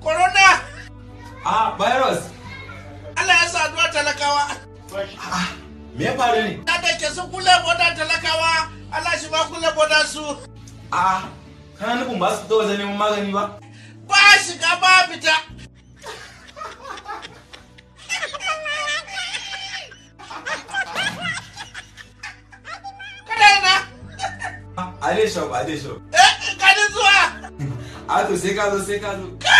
corona a virus Allah ya saduwa talakawa me ya faru ne da da su kula boda talakawa Allah shi ba kula boda su a kana nufin ba su fito wajen neman magani ba ba shiga ba fita kada Ale shop, ale shop. Eh, ka zuwa. A to sai ka zo, sai ka zo.